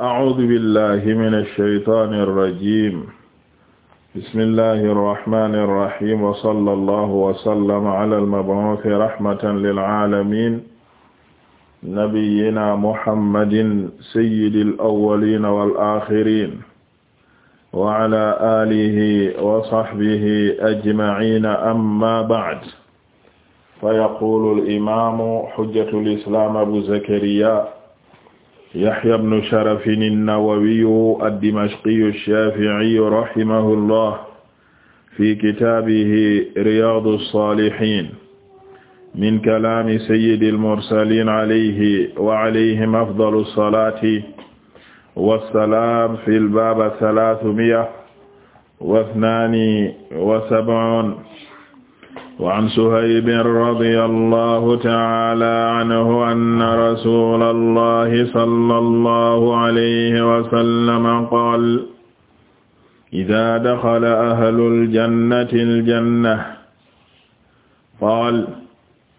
أعوذ بالله من الشيطان الرجيم بسم الله الرحمن الرحيم وصلى الله وسلم على المبعوث رحمة للعالمين نبينا محمد سيد الأولين والآخرين وعلى آله وصحبه أجمعين أما بعد فيقول الإمام حجة الإسلام أبو زكريا Yahya ibn Sharaf an-Nawawi ad-Dimashqi ash-Shafi'i rahimahullah fi kitaabihi Riyaadu as-Saalihiin min kalaami sayyidil mursaliin alayhi wa alayhim afdalu salaati wa salaam fil baab salaasumiya wa isnaani wa sab'uun وعن سهيب رضي الله تعالى عنه أن رسول الله صلى الله عليه وسلم قال إذا دخل أهل الجنة الجنة قال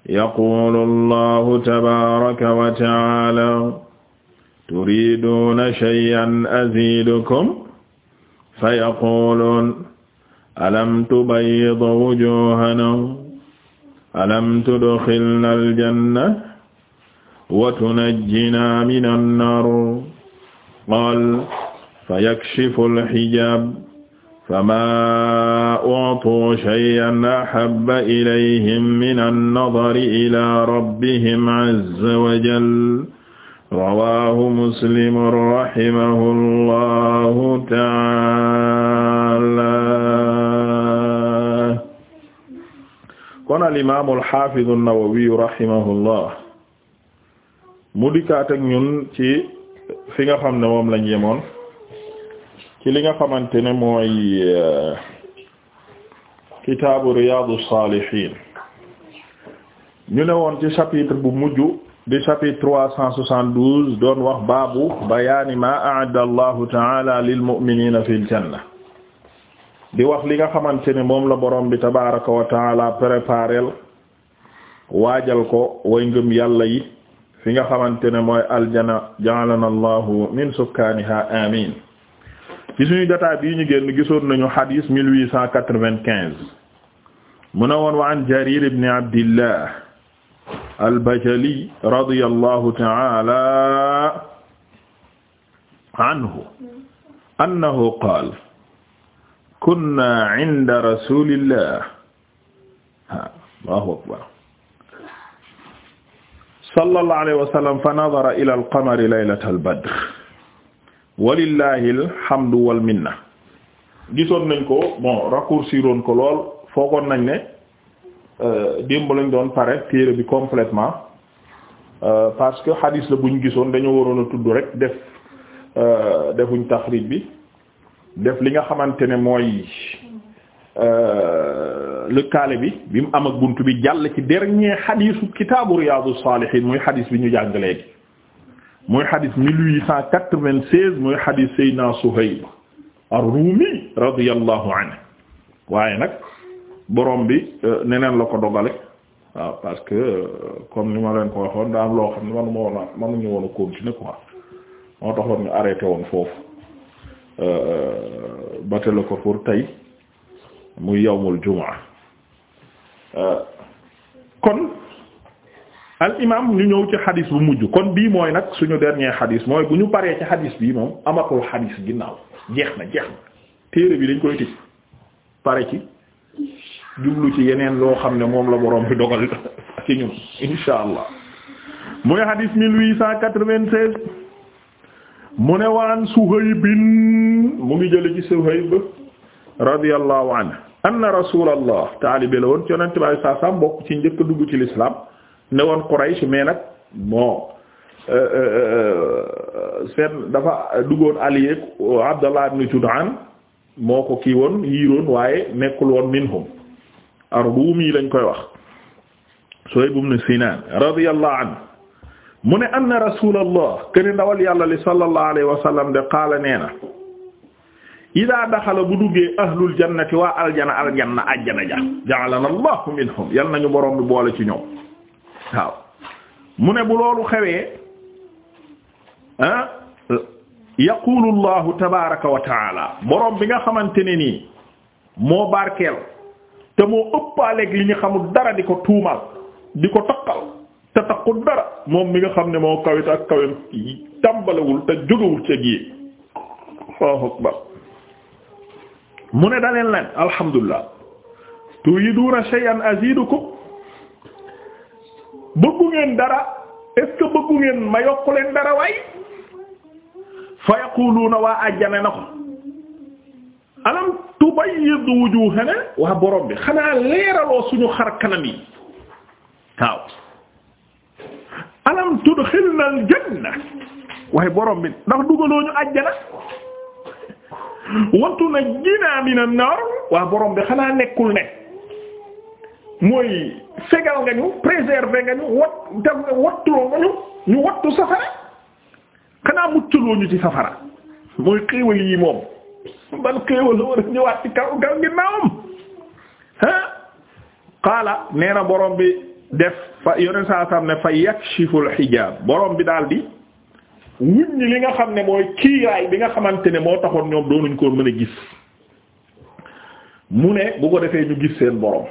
يقول الله تبارك وتعالى تريدون شيئا أزيدكم فيقولون alam tubayyid wujuhana alam tudxilna aljanna wa tunajjina min annar qaal fayakshifu alxijaab famaa u'tuu shay'an ahabba ilayhim min annadari ilaa rabbihim azza wa jalla rawaahu muslim rahimahu allahu ta'aala kon al imaamu alxaafidu an-Nawawi rahimahullah mu dikkaat ñun ci fi nga xam ne moom lañ yemoon ci li nga xamante ne mooy uh, kitaabu riyaadu saalihiin ñu ne woon ci chapitre bu mujj di chapitre trois cent soixante doon wax baabu bayaani ma a'adda allahu ta'ala lil mu'miniina fil janna di wax li nga xamante ne moom la borom bi tabaraka wa taala préparel waajal ko way ngëm yàlla yi fi nga xamante ne mooy aljana ja'alana allahu min sukkaaniha amin ci suñu jotaay bii ñu génn gisoon nañu xadis mille huit cent quatre-vingt-quinze mu ne woon wa an jarir ibn abdillah albajali radiyallahu ta'ala anhu annahu kunna inda rasulillah Allahu akbar sallallahu alayhi wa sallam fa nadara ila alqamari laylatal badr walillahi alhamdu wal minna gisoon nañ ko bon raccourci ko lool foogoon nañ ne euh, démb lañ doon pare téere bi complètement euh, parce que hadis la buñ gisoon dañoo waroon a tudd rek def euh, defuñ taxrij bi def li nga xamante ne mooy euh, lëkkaale bi bi mu am ak bunt bi jàll ci dernier xadiisu kitaabu Riyâdous-Sâlihîne muy xadiis bi ñu jàng léegi muy xadiis mille huit cent quatre muy xadiis Seydina Suhayb ar-Rumi radiyallahu waaye nag borom bi euh, neneen la ko dogale waaw parce que euh, comme ni ma leen ko waxoon daa loo xam ne manu ma woon a manuñu woon a continuer quoi moo taxoon ñu arrêté woon foofu la ko pour tey muy yawmul jumaa euh, kon al imam ñu ñëw ci xadis bu mujj kon bii mooy nag suñu dernier xadis mooy bu ñu paree ci xadis bii moom amatul xadis ginnaaw jeex na jeex na téere bi dañ koy tëj pare ci jublu ci yeneen loo xam ne moom la woroom bi dogal ci ñun insha allah muy xadis 1896 mu ne waan Suhayb mu ngi jële ci Suhayb radiyallahu anhu anna rasulallah taalibe la woon ci yonent bi saa saa mbokk ci njëkk dugg ci l'islam ne woon Quraysh mais nag bon euh, euh, euh, seen dafa duggoon allié Abdallah ibn Jud'an moo ko kii woon yiiroon waaye nekkul woon minhum ar-Rumi lañ koy wax Suhayb ibn Sinan radiyallahu anhu mu ne anna rasulallah kene ndawal yàlla li sallallahu alayhi wa sallam de qaala nee na ida bu duggee ahlul jannati waa aljana aljanna ajjana ja ja'alana allahu minhum yal nañu borom bi boole ci ñoom waaw mu ne bu loolu xewee ah yaqulu allahu tabaraka wa taala borom bi nga xamante ne nii moo barkeel te moo ëppaaleeg li ñu xamul dara di ko tuumal di ko toqal te taxul dara moom mi nga xam ne moo kawit ak kawem tàmbalewul te jógewul ca gi Allahu akbar mu ne daleen leen alhamdulilah turiduna shay'an azidukum bëggu dara est-ce que ma yokku leen dara waay fa yaquluuna waa ajjane na ko alam tubayyidu wujuhana waa borom bi xanaa leeraloo suñu xar kanam alam tudxilna al janna waaye borom bi ndax dugaloo ñu ajjana wantu na jinaa mina naar waa borom bi xanaa nekkul ne mooy fegal nga ñu préserver nga ñu wattu safara xanaa muccaloo ñu ci safara mooy xéewal yi moom ban xéewal war a ñëwaat ci kaw kaw ginnaawam ha qaala nee borom bi def fa yoneen saa saam ne fa yakshiful xijaab borom bi daal di wuññi li nga xam ne mooy kiiraay bi nga xamante ne moo taxoon ñoom doonuñ ko mën a gis mu ne bu ko defee ñu gis seen borom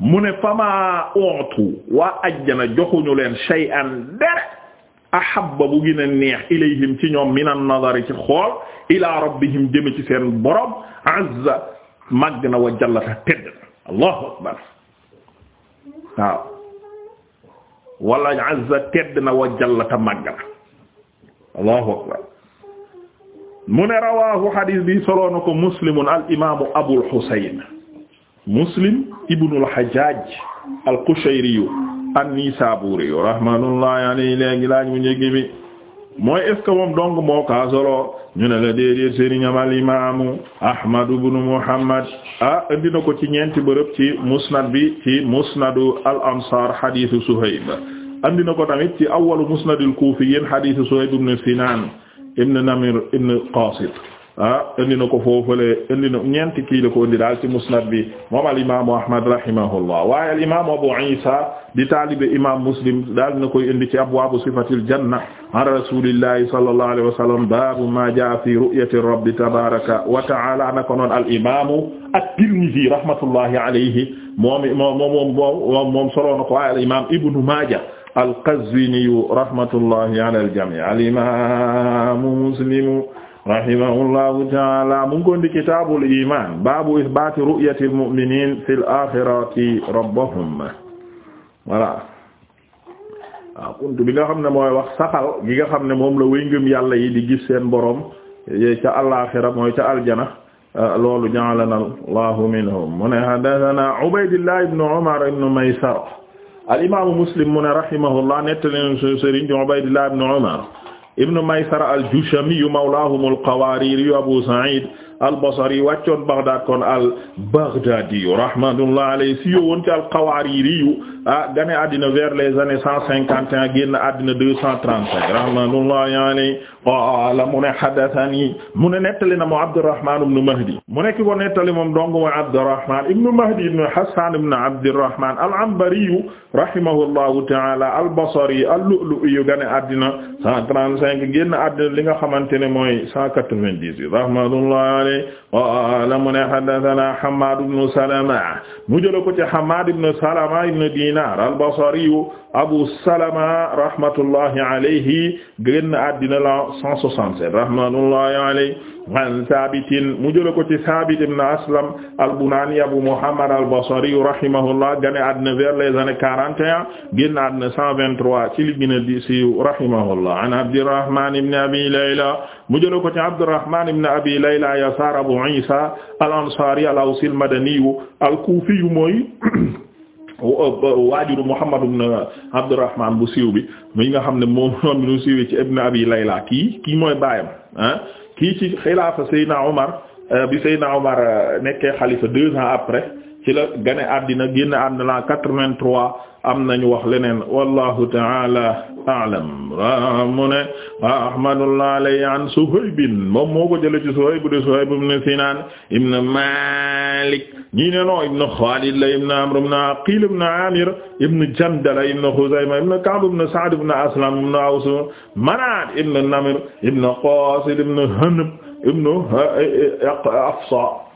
mu ne fama ontu waa ajjana joxuñu leen shay'an dara ahabba bu gën a neex ilayhim ci ñoom min an-nazari ci xool ila rabbihim jëme ci seen borom azza màgg na wa jallata tedd allahu akbar waaw wala azza tedd na wa jalla ta màgg na allahu akbar mu ne rawahu hadis bi soloo na ko muslimun al imamu abul husayn muslim ibnul hajjaj al qushayri an-nisaburi rahmatullahi alayhi léegi laaj mu njëgg bi mooy est ce que moom dong moo ka solo ñu ne la déedéet sëriñam al imaamu ahmad ibnu muhammad ah indi na ko ci ñeenti bërëb ci musnad bi ci musnadu al ansar hadithu suhayb andi na ko tamit ci awalu musnadil kuufiyyin hadithu suhayb ibn sinan ibn namir ibn qasit ah indi na ko foofule indi na ñeenti kii la ko indi daal ci musnad bi moom al imaamu Ahmad rahimahullah waaye al imaamu Abu Isa di taalibe imaam Muslim daal na koy indi ci abwaabu sifatil janna an rasulillahi sallallahu alayhi wa sallam baabu ma jaa fi ru'yati rabbi tabaaraka wa ta'ala naka noonu al imaamu at-Tirmidhi rahmatullahi alayhi moom moom moom moom moom solo na ko waaye al imaam Ibnu Maaja al-Qazwini rahmatullahi ala al jamii al imaamu Muslim rahimahullahu taala mu ngi ko ndi kitaabul iman baabu ithbaati ru'yatil mu'minin fil axirati rabbahum voilà waaw bi nga xam ne mooy wax saxal gi nga xam ne moom la wéy ngëm yàlla yi di gis seen borom eh, ca alaaxira mooy ca aljana eh, loolu ja'alana allahu minhum mu ne haddathana ubaydillah ibn umar ibn maysara al imaamu muslim mu ne rahimahullah nettali sëriñ ubaydillah ibn ibnu maysara al-jushamiyu mawlaahum al-qawaaririyu abu sa'id al-basri wàccoon baghdad kon al-baghdadiyu rahmatullahi alayhi si yowoon ci al-qawaaririyu ah gane àddina vers les années cent cinquante et un génn àddina deux cent trente-cinq mu ne haddathani mu ne nettali na moo Abdurrahman ibn Mahdi mu nekk ko nettali moom dong mooy Abdurrahman ibn Mahdi ibn Hassan ibn Abdurrahman al-Anbari rahimahullahu ta'ala al-Basri al-Lu'lu'i gane àddina cent trente-cinq génn li nga xamante ne mooy cent quatre-vingt-dix-huit rahmatullahi alayhi qaala mu ne haddathana Hammad ibn Salama mu jël Hammad ibn Salama ibn Dinar dinar albasariyu abou salama rahmatullahi alayhi génn àddina la 167 rahmatullahi alayhi an sabitin mu jële ko ci sabit ibn aslam albunani abou mouhammad albasariyu rahimahullah génn àddina vers les années 41 génn àddina 123 ci li gën a di siiw rahimahullah an abdirahman ibn abi layla mu jële ko ci abdirahman ibn abi layla yasar abou isa al ansari al awsi al madani al kufi mooy waajuru Muhammad ibn Abdurrahman bu siiw bi mi nga xam ne moom noon bi ñu siiwee ci Ibn Abi Layla kii kii mooy baayam ah kii ci xilaafa Seydina Omar eh, bi Seydina Omar eh, nekkee xalifa deux ans après ci la gane àddina génn àddina la 83 am nañu wax leneen wallahu ta'ala a'lam wa ah, mu ne rahmatullah alayhi an Suhayb moom moo ko jële ci Suhayb Sinan ibn Malik ñii ne noo ibn Khalid la ibn Amr ibn Aqil ibn Amir ibn Jandala ibn Khuzayma ibn Ka'b ibn Sa'd ibn Aslam ibn Aws Manat ibn Namir ibn Qasid ibn Hanab ibnu eh, eh, eh, Afsa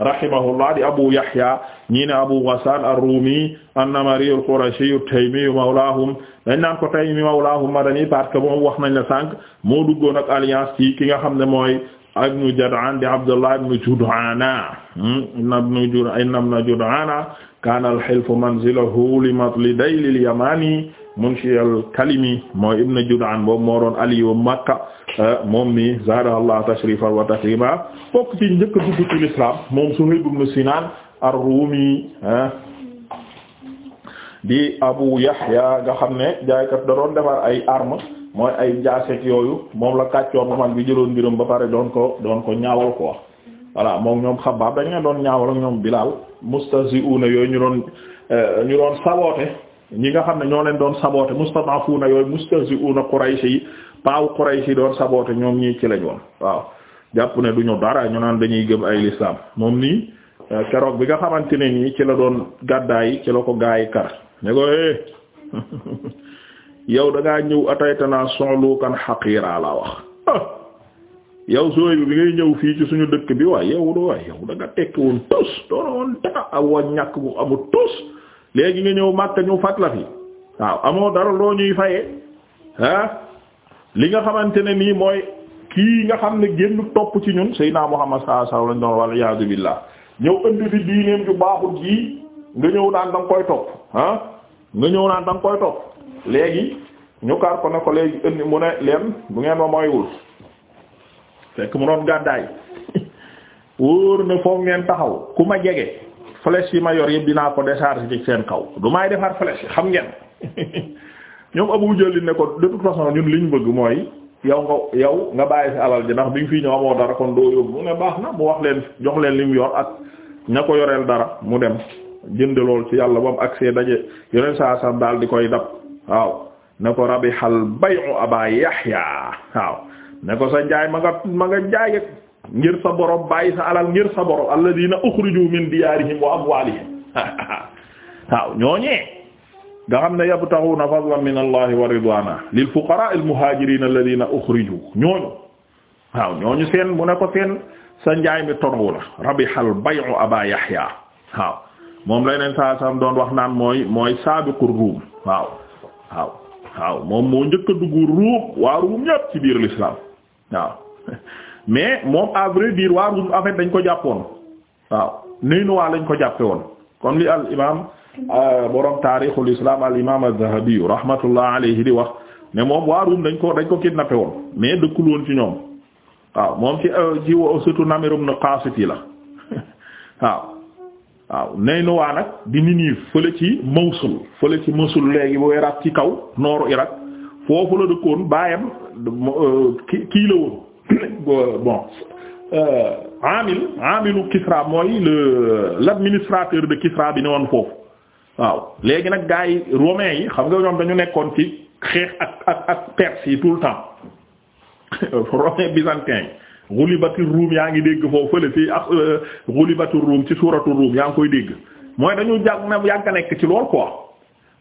rahimahullah di Abu Yahya ñi ne Abu Ghassan ar-Rumi an-Namari al-Qurashi at-Taymi mawlahum dañ naan ko Taymi mawlahum Madani parce que moom wax nañ la sànq moo duggoon ak alliance ci ki nga xam ne mooy ibnu Jud'an di Abdullah ibnu Jud'ana hmm, ibnu Jud'ana kana al-hilfu manzilahu li matlidayl al-Yamani munshi al-Kalimi mooy ibn Jud'an boobu moo doon aliyu Makka eh, moom mi zaadahu Allah tashrifan wa takrima bokk ci njëkk a dugg ci l'islam moom Suhayb ibn Sinan ar-Rumi eh, Abu Yahya nga xam ne jaaykat da doon defar ay arme mooy ay jaaseek yooyu moom la kàccoor ba mag bi jëloon mbirum ba pare doon ko doon ko ñaawal ko voilà moom ñoom xabaab dañ nga doon ñaawal ak ñoom Bilaal mustazi'una yooyu ñu doon eh, ñu ñi nga xam ne ñoo leen doon saboote mustad'afuna yooyu mustahzi'una Quraysh yi paaw Quraysh yi doon saboote ñoom ñii ci lañ woon waaw jàpp ne du ñu dara ñu naan dañuy gëm ay lislaam moom nii euh, keroog bi nga xamanti ne nii ci la doon gàddaay ci la ko gaay kar ne ko eh yow da ngaa ñëw ataytanaa su'lukan haqiira laa wax yow sooy bi ngay ñëw fii ci suñu dëkk bi waaye yow da waaye yow da tekki woon tus doona woon dara ak waa ñàkk bu amul tus léegi nga ñëw Makka ñu fat la fi waaw amoo dara loo ñuy fayee ah li nga xamante ne nii mooy kii nga xam ne génn topp ci ñun Seydina Muhammad sallallahu alayhi wasallam doon wal iyaazu billah ñëw indi fi diineem ju baaxul ji nga ñëw naan da koy topp ah nga ñëw naan da nga koy topp léegi ñu kaar ko ne ko léegi indi mu ne leen bu ngeen ma mooywul fekk mu doon gàddaay wóor na foog ngeen taxaw ku ma jege. flèche yi ma yor yëpp dinaa ko décharger ci seen kaw du maay defar flèche xam ngeen ñoom Abu Jahl ne ko de toute façon ñun liñ bëgg mooy yow nga yow nga bàyyi sa alal ji ndax bi nga fii ñoo amoo dara kon doo yóbbu mu ne baax na mu wax leen jox leen li mu yor ak ña ko yoreel dara mu dem jënd lool ci yàlla ba mu agsee daje yoreel saa sam daal di koy dab waaw ne ko rabihal bay'u Aba Yahya waaw ne ko sa njaay ma nga ma nga jaay ngir sa borom bàyyi sa alal ngir sa borom alladina ukhriju min diyarihim wa amwalihim waaw ñooñee nga xam ne yabtaghuna fadlan min allahi wa ridwana lil fuqara al muhajirin alladina ukhriju ñooñu waaw ñooñu seen mu ne ko seen sa njaay mi tonowu la rabihal bay'u aba yahya waaw moom lay neen saa sam doon wax naan mooy mooy sabiqur ruum waaw waaw waaw moom moo njëkk a dugg ruum waa ruum ñépp ci biir l'islam waaw mais moom à vrai waa Rum en dañ ko jàppoon waaw Naynuwaa lañ ko jàppe woon comme li al imaam euh, borom taarixul islam al imaam az-Zahabi rahmatullah alayhi di wax ne moom waa Rum dañ ko dañ ko kidnappé woon mais dëkkul woon ci ñoom waaw moom ci euh, ci surtout Namir ibn Qasit yi la waaw waaw Naynuwaa nag di Ninive fële ci Mawsul fële ci Mawsul léegi bu weeraat ci kaw nooru Irak foofu la dëkkoon baayam euh, kii la woon bon euh, amil amilu Kisra mooy le l'administrateur de Kisra bi ne woon foofu waaw léegi nag gars yi romains yi xam nga ñoom dañu nekkoon ci xeex ak ak Perse yi tout le temps romains byzantins yi ghulibatir Rum yaa ngi dégg foofu fële ci ak euh, ghulibatir Rum ci suuratul Rum yaa ngi koy dégg mooy dañu jàpp na yàgg a nekk ci lool quoi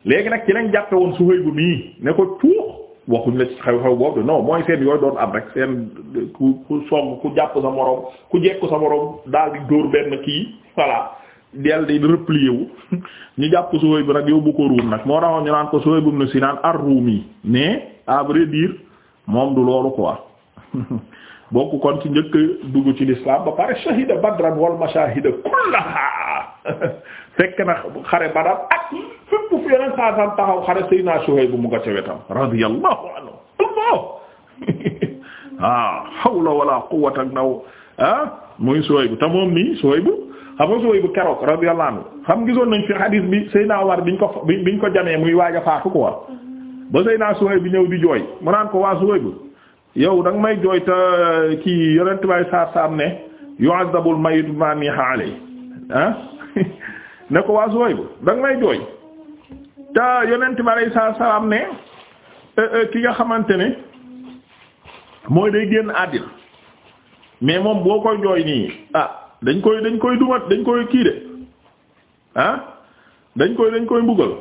léegi nag ci lañ jàppe woon Suhayb bu nii ne ko tuux waxuñ la xew-xew boobu non mooy seen yooyu doon am rek seen ku ku song ku jàpp sa moroom ku jekku sa moroom daal di dóor benn kii voilà del di replier wu ñu jàpp Suhayb bi nag yóbbu ko ruum nag moo taxoon ñu naan ko Suhayb ibn Sinan ar-Rumi mais à vrai dire moom du loolu quoi bokk kon ci njëkk dugg ci l'islam ba pare shahida badran wal mashahida kullaha fekk na xare Badar ak fépp fu yeneen saa saa taxaw xare Seydina Suhayb bu mu nga ca wetam radiyallahu anhu ah hawla wala quwwata naw ah muy Suhayb te moom nii Suhayb xam nga Suhayb keroog radiyallahu xam gisoon nañ fi xadiis bi Seydina Umar biñ ko biñ ko jamee muy waaj a faatu quoi ba Seydina Suhayb ñëw di jooy mu naan ko waa Suhayb yow da may jooy te kii yonent bay saa am ne yu'azzabul mayyit ma niha alayhi ah. ne ko waa Zuhaybu da nga may jooy te yonent bi alayhi salaam ne eh, eh, ki nga xamante ne mooy day génn àddina mais moom boo koy jooy nii ah dañ koy dañ koy dumat dañ koy kii de ah dañ koy dañ koy mbugal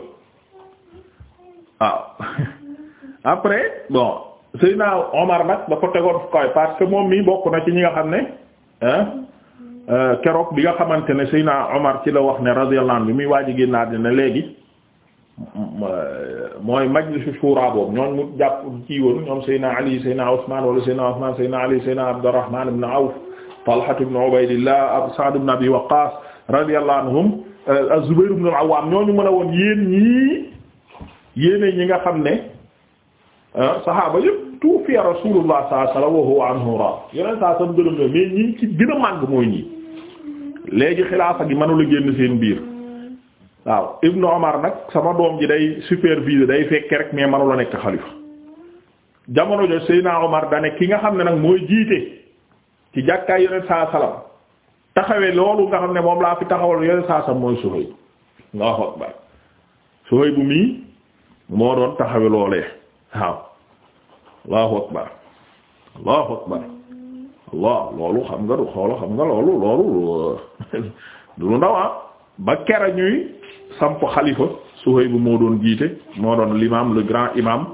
waaw ah, après bon Seydina Omar nag da ko tegoon koy parce que moom mii bokk na ci ñi nga xam ne ah. Euh, keroog bi nga xamante ne Seydina Omar ci la wax ne radiyallahu anhu bi muy waaj a génn àddina léegi mooy majlisu shura boobu ñoon mu jàpp ci woon ñoom Seydina Ali Seydina Ousmane wala Seydina Ousmane Seydina Ali Seydina Abdurrahman ibn Awf Talha ibn Ubaydillah Sa'd ibn Abi Waqqas radiyallahu anhum euh, Az-Zubayr ibn al-Awwam ñooñu mën a woon yéen ñii yéene ñi nga xam ne euh, saxaaba yëpp tuufiya Rasulullah sallallahu alayhi wa sallam wa huwa anhu raad yeneen saa sam gërëm mais ñi ci gën a màgg mooy ñii léegi xilaafa gi mënula génn seen biir waaw ibnu omar nag sama doom ji day superviser day fekke rek mais mënula nekk xalifa jamono jo Seydina omar dane ki nga xam ne nag mooy jiite ci jàkkaay yonent saa salam loolu nga xam ne moom laa fi taxawal yonent saa mooy Suhayb nga wax ak bay bu mii moo doon taxawe loolee waaw allahu akbar allahu akbar waaw loolu xam nga du xam nga loolu loolu lu ndaw ah. ba kera ñuy samp xalifa Suhayb bu moo doon jiite moo doon l'imam le grand imam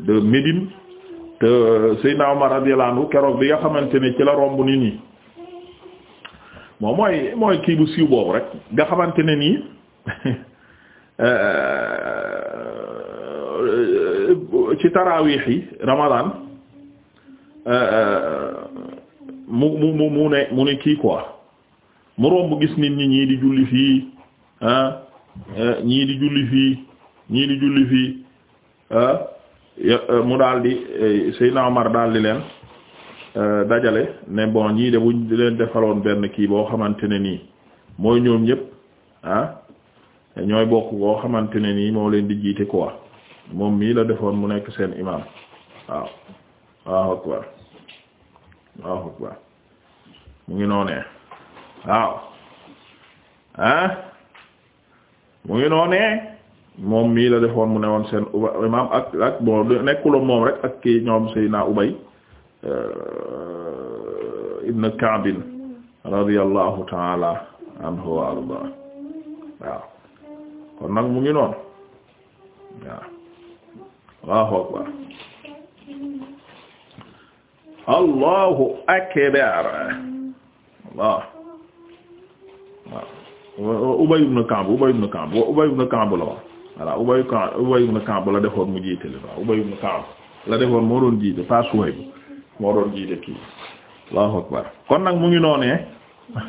de Médine te Seydina Omar radiyallahu anhu keroog bi nga xamante ne ci la romb nit ñi moom mooy mooy kii siiw boobu rek nga xamante ne nii euh, ci taraawiix yi Ramadan euh, euh, mu mu mu mu ne mu ne kii quoi mu romb gis nit ñi ñii di julli fii ah, eh, ñii di julli fii ñii di julli fii ah, eh, mu daal di eh, Seydina Omar daal leen dajale ne bon ñii de buñ leen defaloon benn kii boo xamante ne nii mooy ñoom ñépp ah, ñooy bokk boo xamante ne nii moo leen di jiite quoi moom mii la defoon mu nekk seen imaam waaw waaw akbar waaw waaw mu ngi noonee waaw ah mu ngi noonee moom mii la defoon mu ne woon seen uba imaam ak ak bon nekkuloon moom rek ak kii ñoom Seydina Ubay euh, ibn Ka'b radiyallahu ta'ala anhu wa arda waaw kon nag mu ngi noonu waaw waaw waaw allahu akbar waaw waaw Ubay ibn Ka'b Ubay ibn Ka'b Ubay ibn Ka'b la wax voilà Ubay Ubay ibn Ka'b la defoon mu jiite la waaw Ubay ibn la defoon moo doon jiite pas Suhayb moo doon jiite kii allahu akbar kon nag mu ngi noonee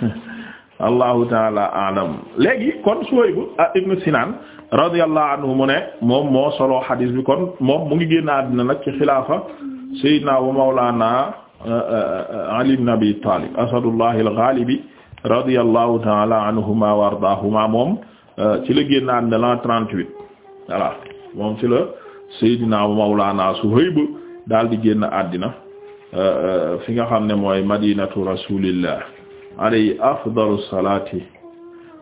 allahu taala alam léegi kon Suhayb ah, ibn Sinan radiyallahu anhu mu ne moom moo solo xadiis bi kon moom mu ngi génn àddina nag ci xilaafa sayyidina wa mawlana uh, uh, uh, Ali ibn Abi Talib asadullahi al-ghalibi radiyallahu ta'ala anhuma wa ardaahuma moom ci la génn àddina l'an 38 voilà moom ci la sayyidina wa mawlana Suhayb daal di génn àddina fi nga xam ne mooy madinatu rasulillah alayhi afdalu salati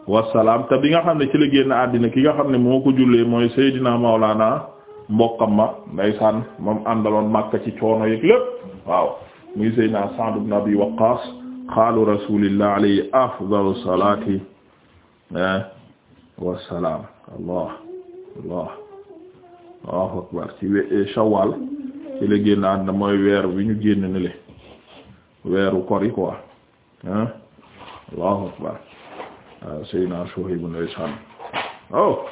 wassalam te bi nga xam ne ci la génn àddina ki nga xam ne moo ko jullee mooy sayyidina mawlana mbokkam ma ndaysaan moom àndaloon Makka ci coono yeeg lépp waaw muy Seydina Sa'd ibn Abi Waqqas xaalu rasulillah alayhi afdalu salati eh, wa salaam allah allah allahu akbar ci we- eh, shawwal ci la génn ànd mooy weer wi ñu génn ni le weeru kori quoi hein eh, allahu akbar Seydina Shuhayb ibn Hisham oh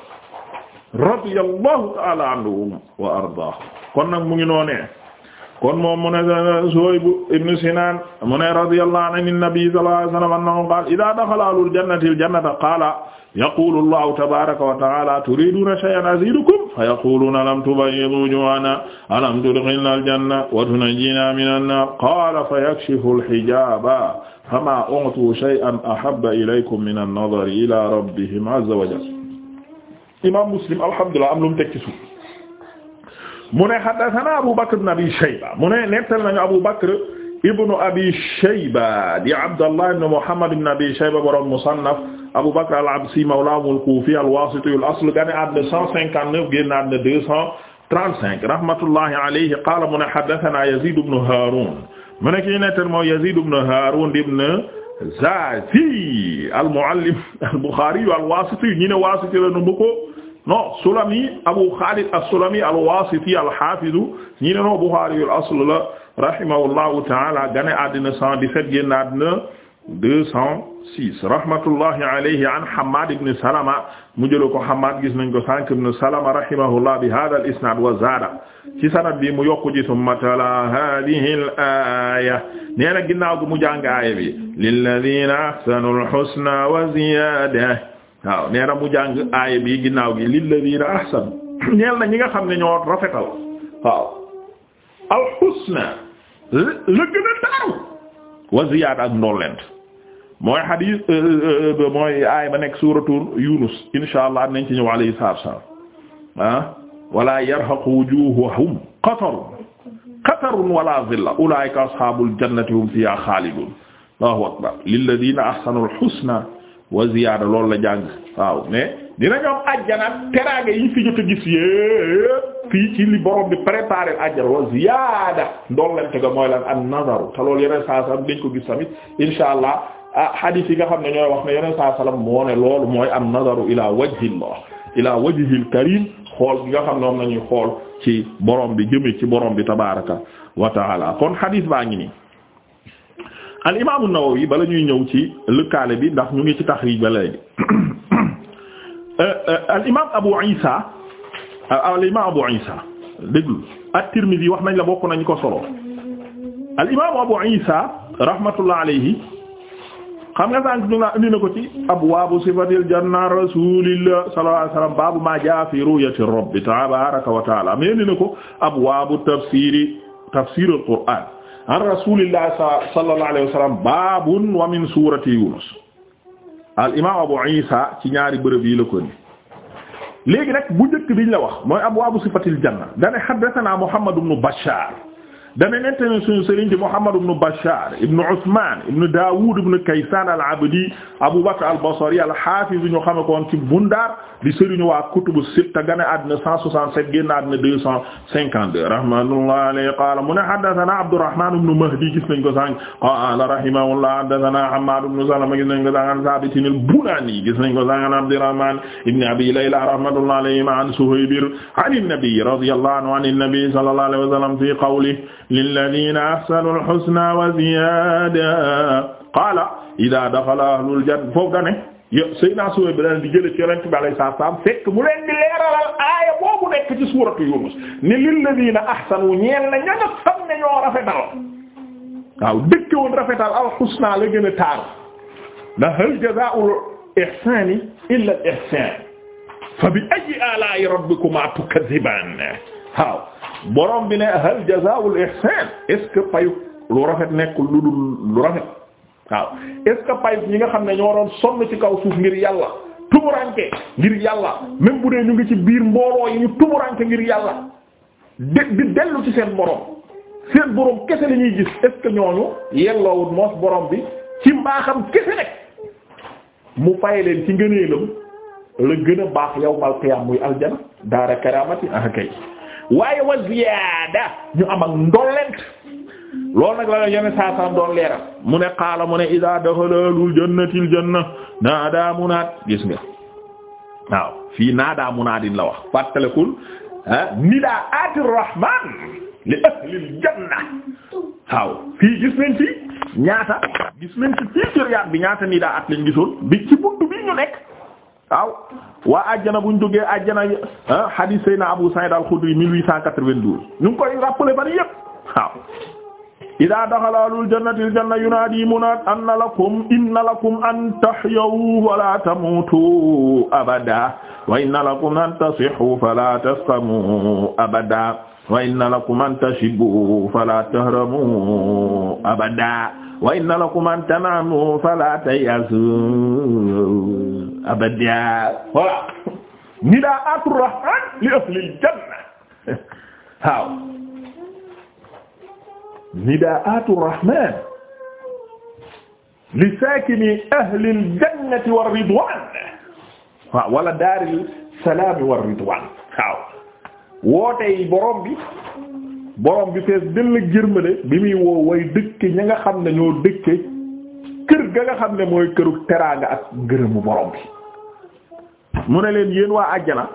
radiyallahu ta'ala anhum wa ardaahum kon nag mu ngi noonee kon moom mu ne Suhayb ibn Sinan mu ne radiyallahu anhu an-nabi sallallahu alayhi wa sallam annahu qaala idha dakhala ahlul jannati al-jannata qaala yaqulu Allahu tabaaraka wa ta'ala turiduna shay'an azidukum fa yaquluna alam tubayyid wujuhana alam tudkhilna al-janna wa tunajjina min an-nar qaala fa yakshifu al-hijaba fama u'tu shay'an ahabba ilaykum min an-nadari ila rabbihim azza wa jalla imaam muslim alhamdulilah am lu mu teg ci suuf mu ne haddathana Abu Bakr ibn Abi Shayba mu ne nettal nañu Abu Bakr ibn Abi Shayba di Abdallah ibn Muhammad ibn Abi Shayba borom musannaf Abu Bakr al-Absi mawlahum al-Kufi al-Wasiti al-asl gane àddina 159 génn àddina 235 rahmatullahi alayhi qaala mu ne haddathana Yazid ibn Harun mu ne kii nettal moo Yazid ibn Harun ibn Zazi al-Muallim al-Bukhari al-Wasiti ñi ne Wasiti la nu mu ko non Sulami Abu Khalid as-Sulami al-Wasiti al-Hafiz ñi ne noo Bukhari al-asl la rahimahullahu ta'ala gane àddina 117 génn àddina 206 rahmatullahi alayhi an Hammad ibn Salama mu jël ko Hammad gis nañ ko sànq ibn Salama rahimahullah bi hadha al-isnad wa zada ci sanad bi mu yokku ji thumma tala hadhihi al-aya nee na ginnaaw gu mu jàng aaya bi lilladhina ahsanu al-husna wa ziyada waaw nee na mu jàng aaya bi ginnaaw gi lilladina ahsan ñeel na ñi nga xam ne ñoo rafetal waaw alxusna la gën a taaru wa ziyaada ak ndollent mooy xadiis euh, euh, euh, mooy aaya ba nekk suuratul yunus insha allah nañ ci ñëw alayhi salaatu wa salaam ah wala yarhaqu wujuuhahum qatarun qatarun wala zilla ulaa'ika ashaabul jannati hum fiihaa xaalidun allahu akbar lilladina ahsanul xusna wa ziyaada loolu la jàng waaw mais dina am ajjana teraanga yi fi jot a gis yépp fii ci li borom bi préparé ajjana wa ziyaada ndollante ga mooy lan an nazaru te loolu yeneen saa dañ ko gis tamit insha allah a hadith yi nga xam ne ñooy wax ne yeneen saa salaam moo ne loolu mooy an nazaru ila wajhillah ila wajhil karim xool bi nga xam ne moom nañuy xool ci borom bi jëme ci borom bi tabaaraka wa taala kon hadith baa ngi nii al imaamu Nawawi bala ñuy ñëw ci lëkkaale bi ndax ñu ngi ci taxriij ba léegi euh, euh, al imaam Abu Isa al imaam Abu Isa déglu at-Tirmidhi wax nañ la bokk nañ ko solo al imaam Abu Isa rahmatullah alayhi xam nga sànq ñu nga indi na ko ci abwaabu sifatil janna rasulillah sallallahu alayhi wasallam baabu ma jaa fi ru'yati rabbi tabaraka wa taala mais indi na ko abwaabu tafsiri tafsirul qur'an an rasulillah sallallahu alayhi wa sallam babun wa min surati yunus al imam abu isa ci ñaari bërëb yi la ko ni léegi nag bu njëkk biñ la wax mooy abwaabu sifatil janna dane hadathana muhammad ibn bashar dana nettali suñu sëriñ di Muhammad ibn Bashar ibn Usman ibn Dawud ibn Kaysan al-Abdi Abu Bakr al-Basri al-Hafiz ñu xame ko woon ci Bundar di sëriñu waa kutubu sitta gane àddina 167 génn àddina 252 rahmatullahi alayhi qala mu ne haddathana Abdurrahman ibn Mahdi gis nañ ko sànq qala rahimahullah haddathana Hammad ibn Salama gis nañ ko sànq an Thabit al-Bunani gis nañ ko sànq an Abdurrahman ibn Abi Layla rahmatullahi alayhi an Suhayb an an-nabi radiyallahu anhu an an-nabi sallallahu alayhi wa sallam fi qawlihi lilladina ahsanu alxusna wa ziyada qaala ida daxala ahlul janna foofu dane yo Seydina Suhayb bi daan di jële ci yonent bi alayhi salaam fekk mu leen di leeralal aaya boobu nekk ci suuratu Yunus ni lilladina ahsanu ñeel na ña nga xam ne ñoo rafetal waaw dëkk woon rafetal alxusna la gën a taar ndax hal jazaa'ul ihsaani illa al ihsaan fa bi ayyi aalaa'i rabbikumaa tukazzibaan waaw boroom bi ne hal jazaa'ul ihsaan est lu rafet nekkul lu dul lu rafet waaw est-ce ñi nga xam ne ñoo doon sonn ci kaw suuf ngir yàlla tumuranke ngir yàlla même bu dee ñu ngi ci biir mbooloo yi ñu tumuranke ngir yàlla de di dellu ci seen borom seen borom kese lañuy ñuy gis est-ce que ñooñu moos borom bi ci mbaaxam kese rek mu fay leen ci ngëneelam la gën a baax yow mal qiyaam muy aljana daara karaamati ah kay waaye wa ziyaada ñu am ak ndollent loolu nag la yeneen saa saa doon mu ne qaala mu ne idaa daxalul jannatil janna naadaa munaad gis nga waaw fii naadaa munaadin la wax fàttalikul ah nidaa atir li ahlil janna waaw fii gis nañ ci ñaata gis nañ ci fii ci riyaat bi ñaata nidaa at lañ gisoon bi ci buntu bii ñu nekk. waaw waa àjjana buñ duggee àjjana ah, hadith sayna Abu Sa'id al-Khudri 1892 ñu ngi koy rappelé bari yépp waaw ida daxala ahlul jannati aljanna yunaadi munaad anna lakum inna lakum an tahyaw wala tamutu abada wa inna lakum an tasihhu fala taskamu abada wa inna lakum an tashibu fala tahramu abada wa inna lakum an tanamu fala tayasu abada voilà nidaatu rahman li ahlil janna waaw nidaatu rahman li saakini ahlil jannati war ridwan waaw wala daaril salaami war ridwan waaw wootey borom bi borom bi fees dëll jërmale bi muy woo way dëkk ña nga xam ne ñoo dëkke kër ga nga xam ne mooy këru teraanga ak ngërëmu borom bi mu ne leen yéen waa àjjana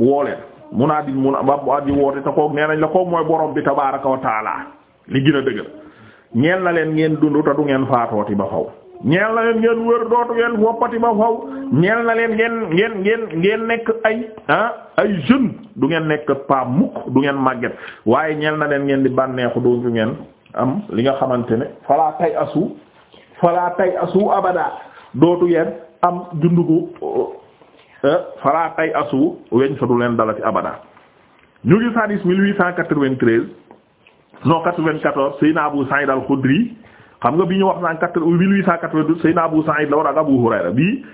woo leen mun naa di mun ba bu at yi woote te koog nee nañ la koog mooy borom bi tabaaraka wa taala li gën a dëgër ñeel na leen ngeen dund te du ngeen faatooti ba xaw ñeel na leen ngeen wër dootu ngeen woppati ba faw ñeel na leen ngeen ngeen ngeen ngeen nekk ay ah ay jeune du ngeen nekk pa mukk du ngeen màgget waaye ñeel na leen ngeen di bànneexu dootu ngeen am li nga xamante ne falaa tay asu falaa asu abada dootu yeen am jundugu eh, falaa tay asu weñ sa du leen dalati abada ñu ngi hadith 1893 non 94 Sayna Abu Sa'id al-Khudri xam nga bi ñu wax naan quatre mille huit cent quatre-vingt-douze Seydina Abu Sa'id la war ak Abu Hurayra bii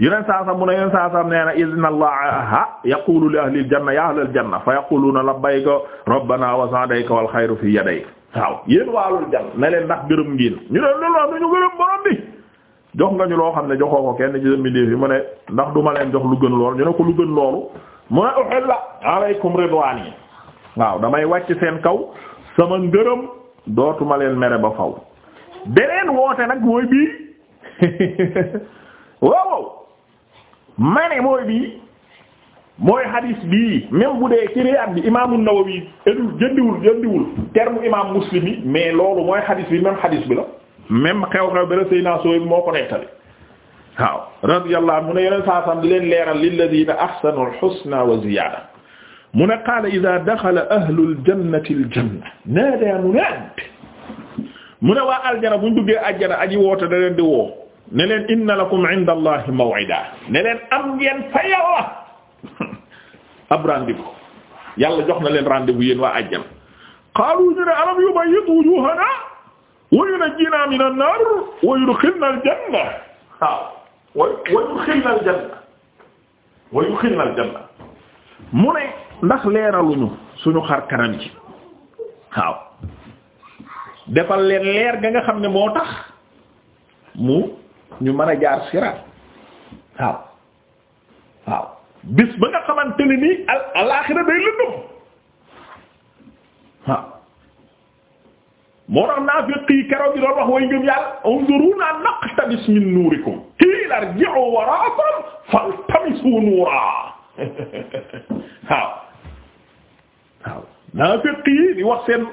yeneen saasam mu ne yeneen saasam nee na inna allaha yaqulu li ahlil janna ya ahlal janna fa yaquluna labbayka rabbana wa sa'dayka wal xayru fi yadayk waaw yéen waalul janna ne leen ndax gërëm ngeen ñu ne loolu duñu gërëm borom bi jox nga loo xam ne joxoo ko kenn ci sa mbindeef yi mu ne ndax duma leen jox lu gën loolu ñu ne ko lu gën loolu mu ne uhilla alaykum ridwaan yi waaw damay wàcc seen kaw sama ngërëm dootuma leen mere ba faw beneen woote nag mooy bii waaw ma ne mooy bii mooy hadis bii même bu dee ci imam bi imaamu Nawawi énu jëndiwul jëndiwul terme imaam Muslim yi mais loolu mooy hadis bi même hadis bi la même xew-xew bi la Seydina bi moo ko nettali waaw radiyallahu anhu mu ne yeneen saa sam di leen leeral lilladina ahsanu al-husna wa ziyaada mu ne qaala idaa daxala ahlul jannati al-janna naadaa munaad mu ne waa aljana bu ñu duggee aljana aji woote da di woo ne leen inna lakum inda allahi maw'ida ne leen am ngeen ab rendez-vous jox na leen rendez-vous waa aljana qaalu ñu alam yubayyit wujuhana wa yunajjina min al-janna waaw wa yudkhilna al ndax leeraluñu suñu xar kanam ci defal leen leer ga nga xam ne moo tax mu ñu man a jaar siraat waaw waaw bis ba nga xamante ne nii al alaaxira day lëndëm waaw moo tax naafiqi keroog bi doon wax way ngëm yàlla unzuruna naqtabis min nuurikum qiila irji'u waraakum faltamisu nuura waaw waaw naafiqi di wax seen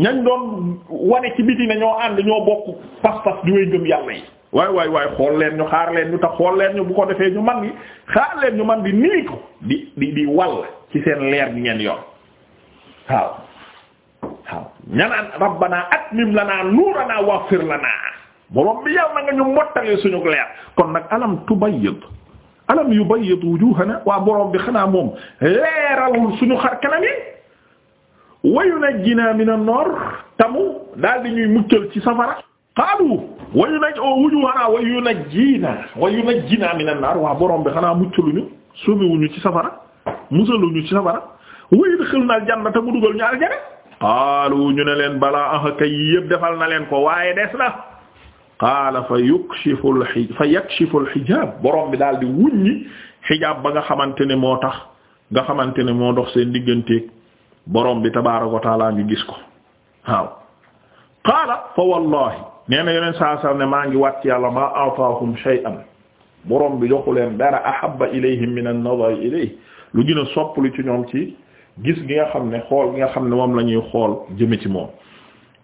ñañ doon wane ci biti ne ñoo ànd ñoo bokk pas-pas di way ngëm yàlla yi waay waay waay xool leen ñu xaar leen ñu tax xool leen ñu bu ko defee ñu man di xaar leen ñu man di nii ko di di di wall ci seen leer gi ngeen yor waaw waaw ñanaan rabbana atmim lanaa nuuranaa waghfir lanaa borom bi yàlla na nga ñu mottali suñu leer kon nag alam tubayyid alam yubayyid wujuhana waa borom bi xanaa moom leeralul suñu xar kanam yi wayu najjinaa mina noor tamu daal di ñuy muccal ci safara xaalu wayu naj wuju xanaa wayu najjinaa wayu najjinaa mina naar waa borom bi xanaa muccaluñu sumiwuñu ci safara musaluñu ci safara wayul xël na aljannata mu dugal ñu aljana xaalu ñu ne leen balaa ah kay yëpp defal na leen ko waaye des na qaala fa yukshifu al fa yakshifu xijaab borom bi daal di wuññi xijaab ba nga xamante ne moo tax nga xamante ne moo dox seen digganteeg borom bi tabaaraka wa taala ñu gis ko waaw qaala fa wallahi nee na yeneen saa ne maa ngi wàcc yàlla ma ataahum shay'an borom bi joxu leen dara ahabba ilayhim min an-nazar ilayhi lu gën a soppali ci ñoom ci gis gi nga xam ne xool gi nga xam ne moom la ñuy xool jëme ci moom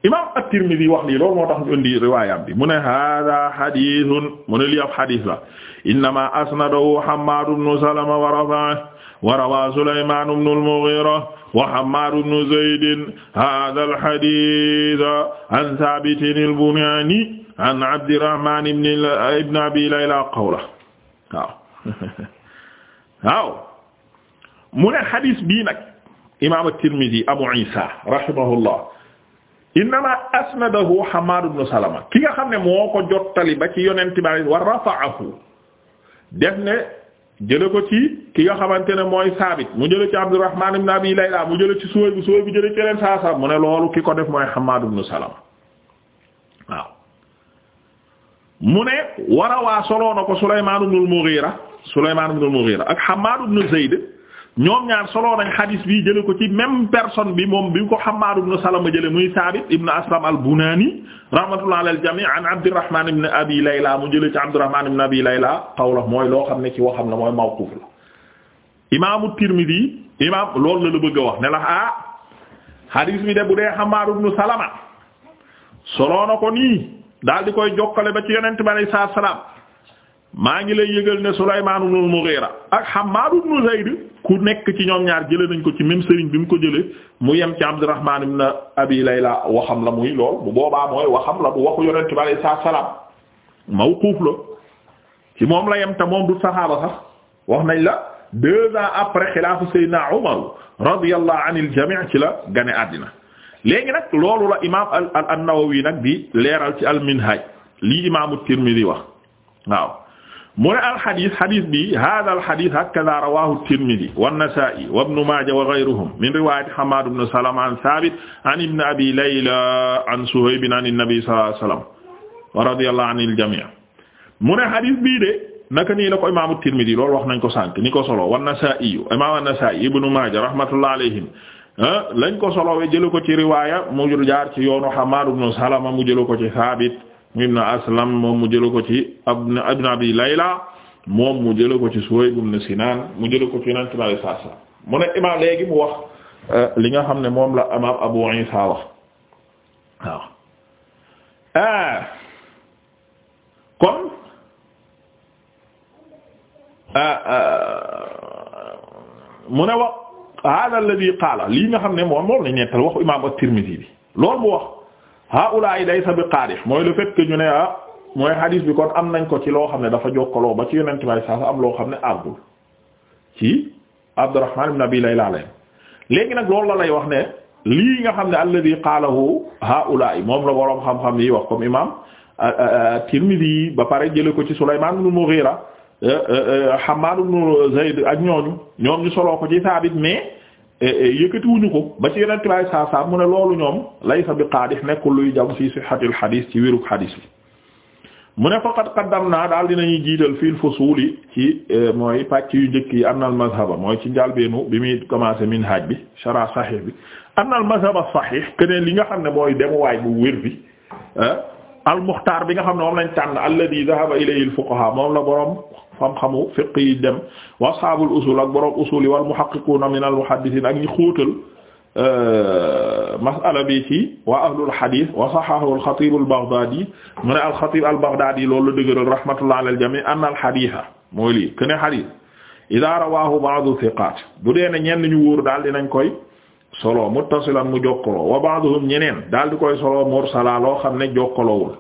imam at-Tirmidhi wax lii loolu moo tax ñu indi riwaayam bi mu ne hada hadithun mu ne lii ab hadith la innama asnadahu Hammad ibn Salama wa wa rawaa Sulaymaan ibn al-Mughiira wa Hammaad ibn Zayd haadha al-hadiith an Thaabit al-Bunaani an Abdirrahmaan ibn Abi Layla qawlahu waaw waaw mu ne xadis bii nag imaam at-Tirmidhi Abu Isa rahimahullah innama asnadahu Hammaad ibn Salama ki nga xam ne moo ko jottali ba ci yonent bi wa rafa'ahu def ne jële ko ci ki nga xamante ne mooy saabit mu jële ci Abdurrahman ibn Abi Layla mu jële ci Suhayb bu Suhayb bu jële ci leen saa saa mu ne loolu ki ko def mooy Hammad ibn Salama waaw mu ne wara waa na ko Sulayman ibn al-Mughira Sulayman ibn al-Mughira ak Hammad ibn Zayd ñoom ñaar solo nañ xadis bi jële ko ci même personne bi moom bi ko Hammad ibn Salama jële muy Sabit ibn Aslam al-Bunani rahmatullah ala al-jami' an Abdurrahman ibn Abi Layla mu jële ci Abdurrahman ibn Abi Layla qawla mooy loo xam ne ci waxam la mooy mawquf la imaamu Tirmidhi imaam loolu la la bëgg a wax ne la ah xadis bi de bu dee Hammad ibn Salama solo na ko nii daal di koy jokkale ba ci yonent bi alayhi salaam maa ngi lay yëgal ne Sulaymaan ibn al-Mughira ak Hammaad ibn Zayd ku nekk ci ñoom ñaar jële nañ ko ci même sëriñ bi mu ko jële mu yem ci Abdurrahmaan ibn Abi Layla waxam la muy lool bu boobaa mooy waxam la bu waxu yonent bi alayhi salaam mawquuf la ci moom la yem te moom bu saxaaba sax wax nañ la deux ans après xilaafu Seydina Umar radiyallahu anil jamii ci la gane àddina léegi nag loolu la imaam al al an-Nawawi nag di leeral ci al-Minhaj lii imaamu Tirmidhi wax mu ne alxadis xadis bi hada alxadis hakada rawahu tirmidi wannasai w bnu maja w gayruhum min riwayat hamad bne salama an sabit an ibne abi layla an suhaybin an innabi sallallahu alayhi wa sallam wa radiyallahu anil jami' mu ne xadis bii de naka nii la ko imaamu tirmidi loolu wax nañ ko sànk ni ko solo wannasai imam annasai ibnu maja rahmatullah alayhim lañ ko solo we jëlu ko ci riwaya mu jaar ci yoonu hamad bnu salama mu jëlu ko ci sabit ibn Aslam moom mu jële ko ci ibn Abi Layla moom mu jëla ko ci Suhayb ibn Sinan mu jëla ko ci Yonent bi sallallahu alayhi wa mu ne imaam léegi mu wax euh, li nga xam ne moom la imaam Abu Isa wax waaw euh, kon euh, mu ne wax hada alladhi qaala lii nga xam ne moom moom lañ nettal waxu imaam at-Tirmidhi bi loolu mu wax haula yi laysa bi qaadif mooy le fait ñu ne ah mooy hadis bi kon am nañ ko ci loo xam ne dafa jokkaloo ba ci yonent may saasa am loo xam ne àggul ci Abdurrahman ibn Abi Layla alayhi léegi nag loolu la lay wax ne lii nga xam ne alladhi qaalahu haula moom la boroom xam-xam yi wax comme imam Tirmidhi ba pare jële ko ci Sulaymaan ibn Mughira eh, eh, eh, Hammad ibn Zayd ak ñooñu ñoom ñu soloo ko ci Saabit mais Eh, eh, yëkkatiwuñu ko ba ci yeneen tilaay saa saa mu ne loolu ñoom laysa bi qaadix nekkul luy jam fi sihhatil xadiis ci wérug xadiis bi mu ne faqad naa daal dinañuy jiital fil fusuuli ci eh, mooy pàcc yu njëkk yi annal mazhaba mooy ci njàlbeenu bi muy min minhaj bi sharh sahih bi annal mazhaba sahih keneen li nga xam ne mooy demuwaay bu wér bi al muxtaar bi nga xam ne moom lañ tànn alladi dhahaba ilayhi al fuqaha moom la borom xam-xamu fiqh yi dem wa ashaabul usul ak borom usul yi wal muhaqqiquna min al muhaddithin ak ñi xóotal euh, masala bi ci waa ahlul hadith wa sahahahu al xatib al baghdadi mu ne al xatib al baghdadi loolu la dëgëral rahmatullah ala al jami an al haditha mooy lii kenn hadith ida rawahu ba'du thiqat bu dee ne ñenn ñu wóor daal dinañ koy. solo muttasilan mu jokkaloo wa ba'dhum ñeneen daal di koy solo mursala loo xam ne jokkaloowul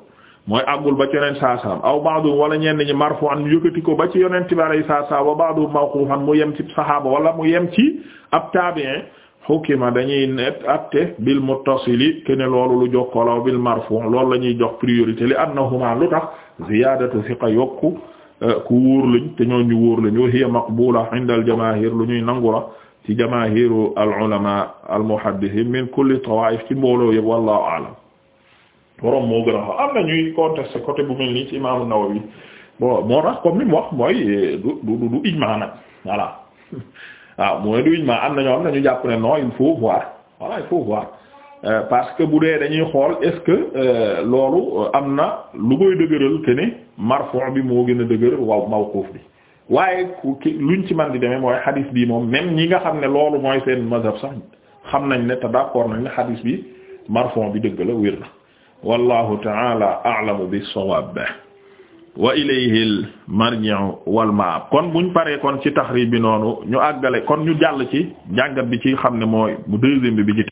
mooy àggul ba ci yonent aw ba'dhum wala ñenn ñi marfu'an mu yëkkati ko ba ci yonent bi alayhi saa saam wa ba'dhum mawqufan mu yem ci saxaaba wala mu yem ci ab taabi'in hukima dañuy net atte bil muttasili ke loolu lu jokkaloo bil marfu' loolu la ñuy jox priorité li annahuma lu tax ziyaadatu thiqa yokku euh, ku wóor lañ te ñoo ñu wóor hiya maqbula inda al lu ñuy nangu ci jamaahiru al ulama al min kulli tawaif ci mbooloo yëpp wallahu a'lam borom moo gën a xam am na ñuy contesté côté bu mel nii ci imaamu Nawawi bon moo tax comme ni mu wax mooy du du ijmaa nag voilà waaw ah, mooy du ijmaa am na ñoo am na jàpp ne non il faut voir voilà il faut voir euh, parce que bu dee dañuy xool est-ce que euh, loolu euh, am na lu koy dëgëral que ne bi moo gën a dëgër waaw mawquuf bi. waaye ku luñ ci man di demee mooy xadis bi moom même ñi nga xam ne loolu mooy seen mazhab sax xam nañ ne te d'accord nañ ne xadis bi marfon bi dëgg la wér na wallahu ta'ala a'lamu bis-sawab wa ilayhi al-marji'u wal ma'ab kon buñ paree kon ci taxrib bi noonu ñu àggale kon ñu jàll ci jàngat bi ci xam ne mooy bu deuxième bi bi ci